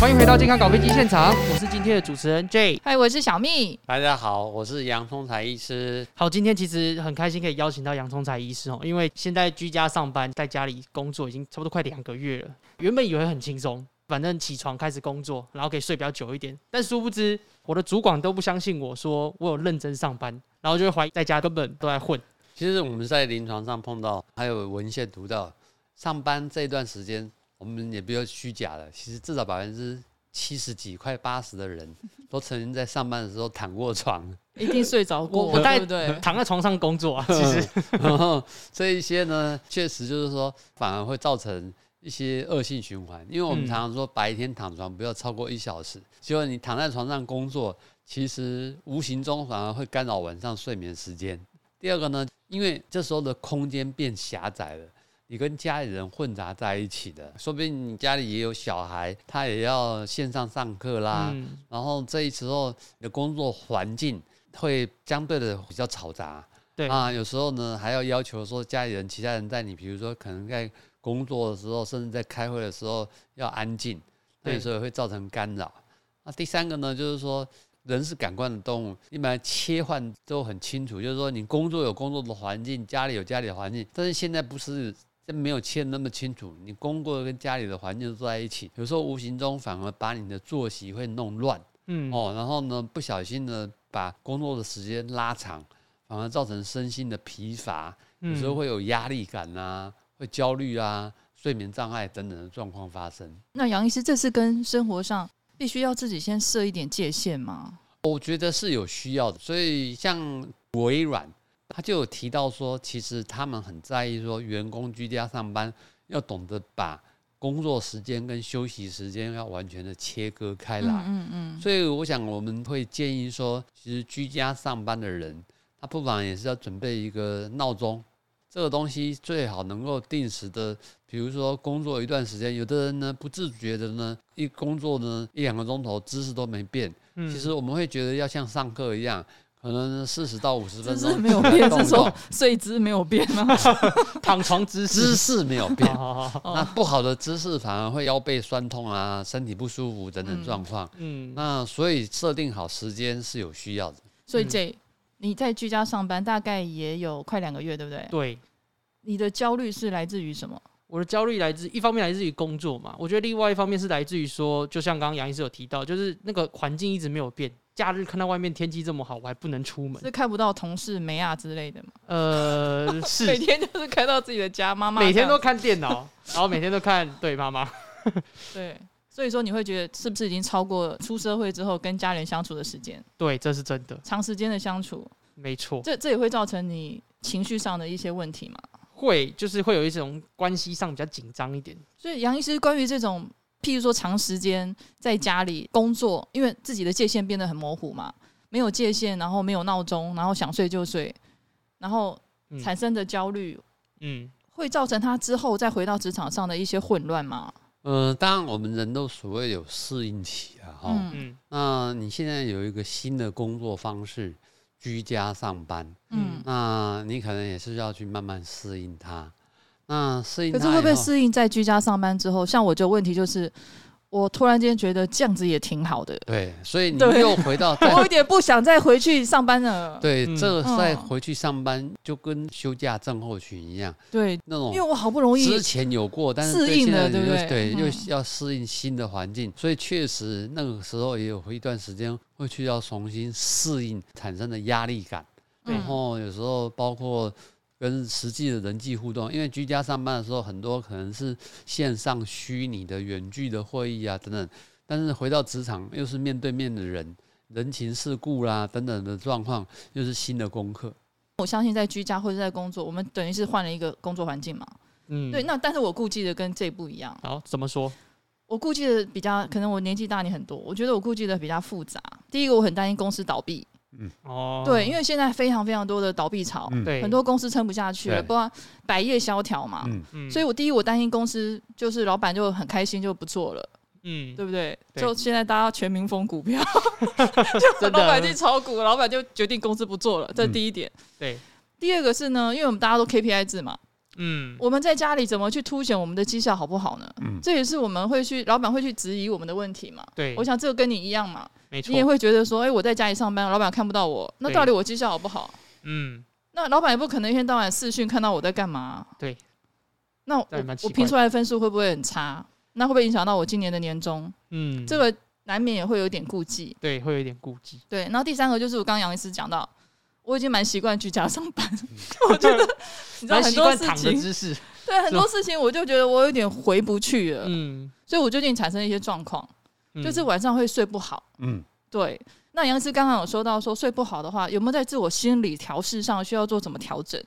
歡迎回到健康搞飛機現場，我是今天的主持人 Jay 嗨，Hi，我是小蜜。大家好，我是楊聰財醫師。好，今天其實很開心可以邀請到楊聰財醫師哦，因為現在居家上班，在家裡工作已經差不多快兩個月了。原本以為很輕鬆，反正起床開始工作，然後可以睡比較久一點。但殊不知，我的主管都不相信我說我有認真上班，然後就懷疑在家根本都在混。其實我們在臨床上碰到，還有文獻讀到，上班這段時間。我們也不要虛假了，其實至少百分之七十幾、快八十的人都曾經在上班的時候躺過床，一定睡着過，我不躺在床上工作、啊，其實這、嗯嗯嗯、一些呢，確實就是說，反而會造成一些惡性循環。因為我們常常說白天躺床不要超過一小時，結果、嗯、你躺在床上工作，其實無形中反而會干擾晚上睡眠時間。第二個呢，因為這時候的空間變狹窄了。你跟家裡人混雜在一起的，說不定你家裡也有小孩，他也要線上上課啦。嗯、然後這時候你的工作環境會相對的比較嘈雜，對啊。有時候呢還要要求說家裡人、其他人在你，比如說可能在工作的時候，甚至在開會的時候要安靜，所以對會造成干擾。那、啊、第三個呢，就是說人是感官的動物，一般切換都很清楚，就是說你工作有工作的環境，家裡有家裡的環境，但是現在不是。但沒有切得那麼清楚，你工作跟家裡的環境坐在一起，有時候無形中反而把你的作息會弄亂，嗯哦，然後呢，不小心呢把工作的時間拉長，反而造成身心的疲乏，有時候會有壓力感啊，會焦慮啊，睡眠障礙等等的狀況發生。那楊醫師，這是跟生活上必須要自己先設一點界限嗎？我覺得是有需要的，所以像微軟。他就有提到說，其實他們很在意說，員工居家上班要懂得把工作時間跟休息時間要完全的切割開來。嗯。嗯嗯。所以我想我們會建議說，其實居家上班的人，他不妨也是要準備一個鬧鐘，這個東西最好能夠定時的，比如說工作一段時間，有的人呢不自覺的呢一工作呢一兩個鐘頭姿勢都沒變。嗯。其實我們會覺得要像上課一樣。可能四十到五十分鐘，沒有變，是說睡姿沒有變嗎？ 躺床姿 姿勢沒有變。 哦、好好。那不好的姿勢反而會腰背痠痛啊，身體不舒服等等狀況。嗯，那所以設定好時間是有需要的。所以這、嗯、你在居家上班大概也有快兩個月，對不對？對。你的焦慮是來自於什麼？我的焦慮來自一方面來自於工作嘛，我覺得另外一方面是來自於說，就像剛剛楊醫師有提到，就是那個環境一直沒有變。假日看到外面天氣這麼好，我還不能出門，是看不到同事梅亞、啊、之類的嗎？呃，是每天就是看到自己的家，媽媽每天都看電腦，然後每天都看 對媽媽，媽媽 對，所以說你會覺得是不是已經超過出社會之後跟家人相處的時間？對，這是真的，長時間的相處，沒錯錯，這這也會造成你情緒上的一些問題嘛？會，就是會有一種關係上比較緊張一點。所以楊醫師，關於這種。譬如說，長時間在家裡工作，因為自己的界限變得很模糊嘛，沒有界限，然後沒有鬧鐘，然後想睡就睡，然後產生的焦慮，嗯，會造成他之後再回到職場上的一些混亂嗎？嗯、呃，當然，我們人都所謂有適應期啊，哈，嗯，那你現在有一個新的工作方式，居家上班，嗯，那你可能也是要去慢慢適應它。啊，適、嗯、應。可是會不會適應在居家上班之後？像我這個問題就是，我突然間覺得這樣子也挺好的。對，所以你又回到，對我有點不想再回去上班了。對，嗯、這再回去上班、嗯、就跟休假症候群一樣。對，那種因為我好不容易之前有過，但是現在又對又、嗯、要適應新的環境，所以確實那個時候也有一段時間會去要重新適應產生的壓力感，對然後有時候包括。跟實際的人際互動，因為居家上班的時候，很多可能是線上虛擬的、遠距的會議啊等等，但是回到職場又是面對面的人、人情世故啦等等的狀況，又是新的功課。我相信在居家或者在工作，我們等於是換了一個工作環境嘛。嗯，對。那但是我顧忌的跟這不一樣。好，怎麼說？我顧忌的比較可能我年紀大你很多，我覺得我顧忌的比較複雜。第一個，我很擔心公司倒閉。嗯哦，對，因為現在非常非常多的倒閉潮，對，很多公司撐不下去了，不然百業蕭條嘛。所以，我第一，我擔心公司就是老闆就很開心就不做了，嗯，對不對？就現在大家全民瘋股票，就是老闆去炒股，老闆就決定公司不做了，這第一點。對，第二個是呢，因為我們大家都 KPI 制嘛。嗯，我們在家裡怎麼去凸顯我們的績效好不好呢？嗯、這也是我們會去，老闆會去質疑我們的問題嘛？對，我想這個跟你一樣嘛，沒錯，你也會覺得說，哎、欸，我在家裡上班，老闆看不到我，那到底我績效好不好？嗯，那老闆也不可能一天到晚視訊看到我在幹嘛、啊？對，那我我評出來的分數會不會很差？那會不會影響到我今年的年終？嗯，這個難免也會有點顧忌，對，會有一點顧忌。對，然後第三個就是我剛剛楊醫師講到。我已經蠻習慣居家上班， 我覺得你知道很多事情，對很多事情，我就覺得我有點回不去了。嗯，所以我最近產生一些狀況，就是晚上會睡不好。嗯，對。那楊醫師剛剛有說到，說睡不好的話，有沒有在自我心理調適上需要做什麼調整？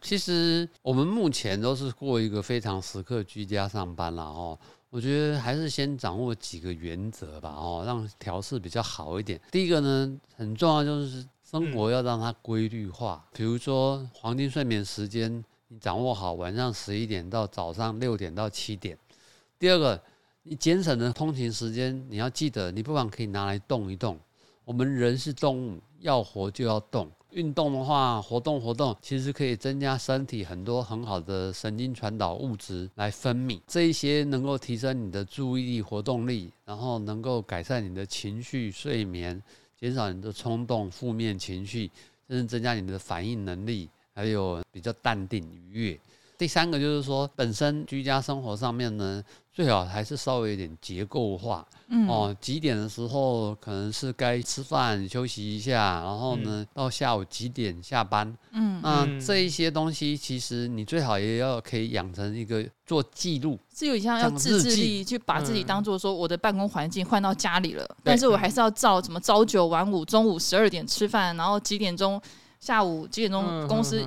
其實我們目前都是過一個非常時刻居家上班了哦，我覺得還是先掌握幾個原則吧，哦，讓調適比較好一點。第一個呢，很重要就是。生活、嗯、要讓它規律化，比如說黃金睡眠時間你掌握好，晚上十一點到早上六點到七點。第二個，你節省的通勤時間，你要記得，你不妨可以拿來動一動。我們人是動物，要活就要動。運動的話，活動活動，其實可以增加身體很多很好的神經傳導物質來分泌，這一些能夠提升你的注意力、活動力，然後能夠改善你的情緒、睡眠，減少你的衝動、負面情緒，甚至增加你的反應能力，還有比較淡定、愉悅。第三個就是說，本身居家生活上面呢，最好還是稍微有點結構化。嗯哦，幾點的時候可能是該吃飯休息一下，然後呢，嗯、到下午幾點下班。嗯，那，嗯，這一些東西，其實你最好也要可以養成一個做記錄，這有一項要自制力，去把自己當做說我的辦公環境換到家裡了，嗯、但是我還是要照什麼朝九晚五，中午十二點吃飯，然後幾點鐘。下午幾點鐘公司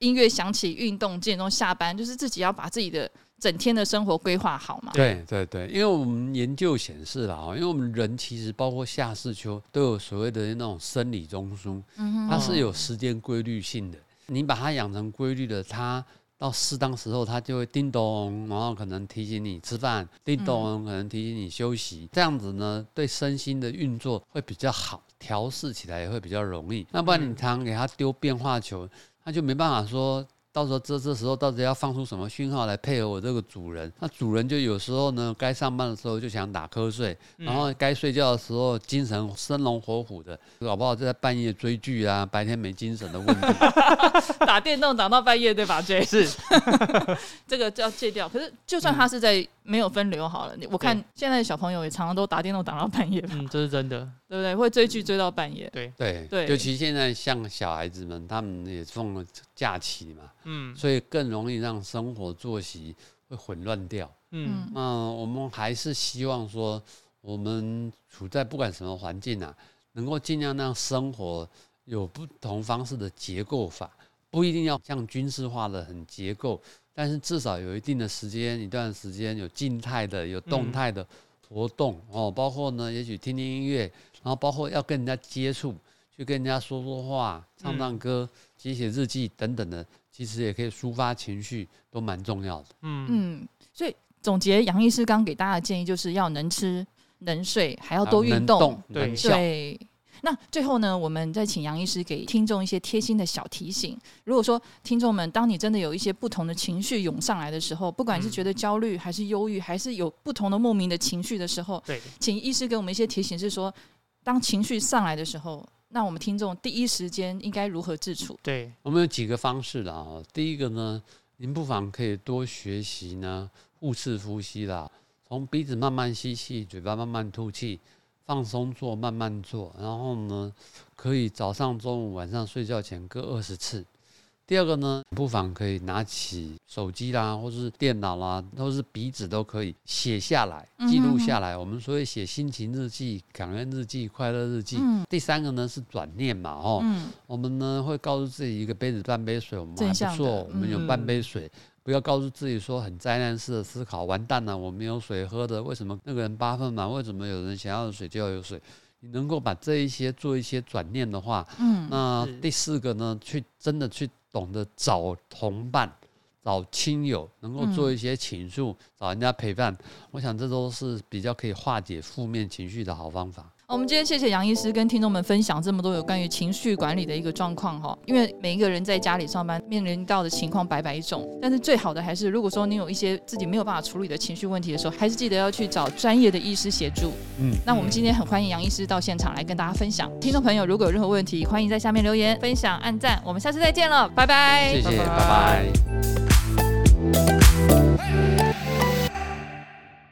音樂響起，運動、嗯、幾點鐘下班，就是自己要把自己的整天的生活規劃好嘛？對對對，因為我們研究顯示了啊，因為我們人其實包括下視丘都有所謂的那種生理中樞，嗯、哼哼它是有時間規律性的。你把它養成規律的，它到適當時候它就會叮咚，然後可能提醒你吃飯，叮咚可能提醒你休息，嗯、這樣子呢，對身心的運作會比較好。調試起來也會比較容易，那不然你常給他丟變化球，嗯、他就沒辦法說，到時候這這時候到底要放出什麼訊號來配合我這個主人？那主人就有時候呢，該上班的時候就想打瞌睡，嗯、然後該睡覺的時候精神生龍活虎的，搞不好就在半夜追劇啊，白天沒精神的問題， 打電動打到半夜對吧？追 是， 這個就要戒掉。可是就算他是在、嗯。沒有分流好了，我看現在小朋友也常常都打電動打到半夜，嗯，這是真的，對不對？會追劇追到半夜，對對、嗯、對。對對，尤其現在像小孩子們，他們也放了假期嘛，嗯，所以更容易讓生活作息會混亂掉，嗯。那我們還是希望說，我們處在不管什麼環境啊，能夠盡量讓生活有不同方式的結構法，不一定要像軍事化的很結構。但是至少有一定的時間，一段時間有靜態的、有動態的活動，嗯、哦，包括呢，也許聽聽音樂，然後包括要跟人家接觸，去跟人家說說話、唱唱歌、寫寫日記等等的，其實也可以抒發情緒，都蠻重要的。嗯，嗯，所以總結楊醫師剛給大家的建議，就是要能吃、能睡，還要多運動，對對。那最後呢，我們再請楊醫師給聽眾一些貼心的小提醒。如果說聽眾們，當你真的有一些不同的情緒湧上來的時候，不管是覺得焦慮還是憂鬱，還是有不同的莫名的情緒的時候，嗯、請醫師給我們一些提醒，是說當情緒上來的時候，那我們聽眾第一時間應該如何自處？對我們有幾個方式的啊。第一個呢，您不妨可以多學習呢，腹式呼吸啦，從鼻子慢慢吸氣，嘴巴慢慢吐氣。放鬆做，慢慢做，然後呢，可以早上、中午、晚上睡覺前各二十次。第二個呢，不妨可以拿起手機啦，或是電腦啦，或是筆紙都可以寫下來，記錄下來。嗯嗯，我們所謂寫心情日記、感恩日記、快樂日記。嗯、第三個呢是轉念嘛，哦，嗯、我們呢會告訴自己一個杯子半杯水，我們還不錯，嗯嗯，我們有半杯水。不要告訴自己說很災難式的思考，完蛋了，我沒有水喝的。為什麼那個人八分滿？為什麼有人想要水就要有水？你能夠把這一些做一些轉念的話，嗯，那第四個呢，是去真的去懂得找同伴，找親友，能夠做一些傾訴，嗯、找人家陪伴。我想這都是比較可以化解負面情緒的好方法。我們今天謝謝楊醫師跟聽眾們分享這麼多有關於情緒管理的一個狀況哈、哦，因為每一個人在家裡上班面臨到的情況百百種，但是最好的還是如果說你有一些自己沒有辦法處理的情緒問題的時候，還是記得要去找專業的醫師協助。嗯，那我們今天很歡迎楊醫師到現場來跟大家分享。聽眾朋友如果有任何問題，歡迎在下面留言分享按讚。我們下次再見了，拜拜，謝謝，拜拜。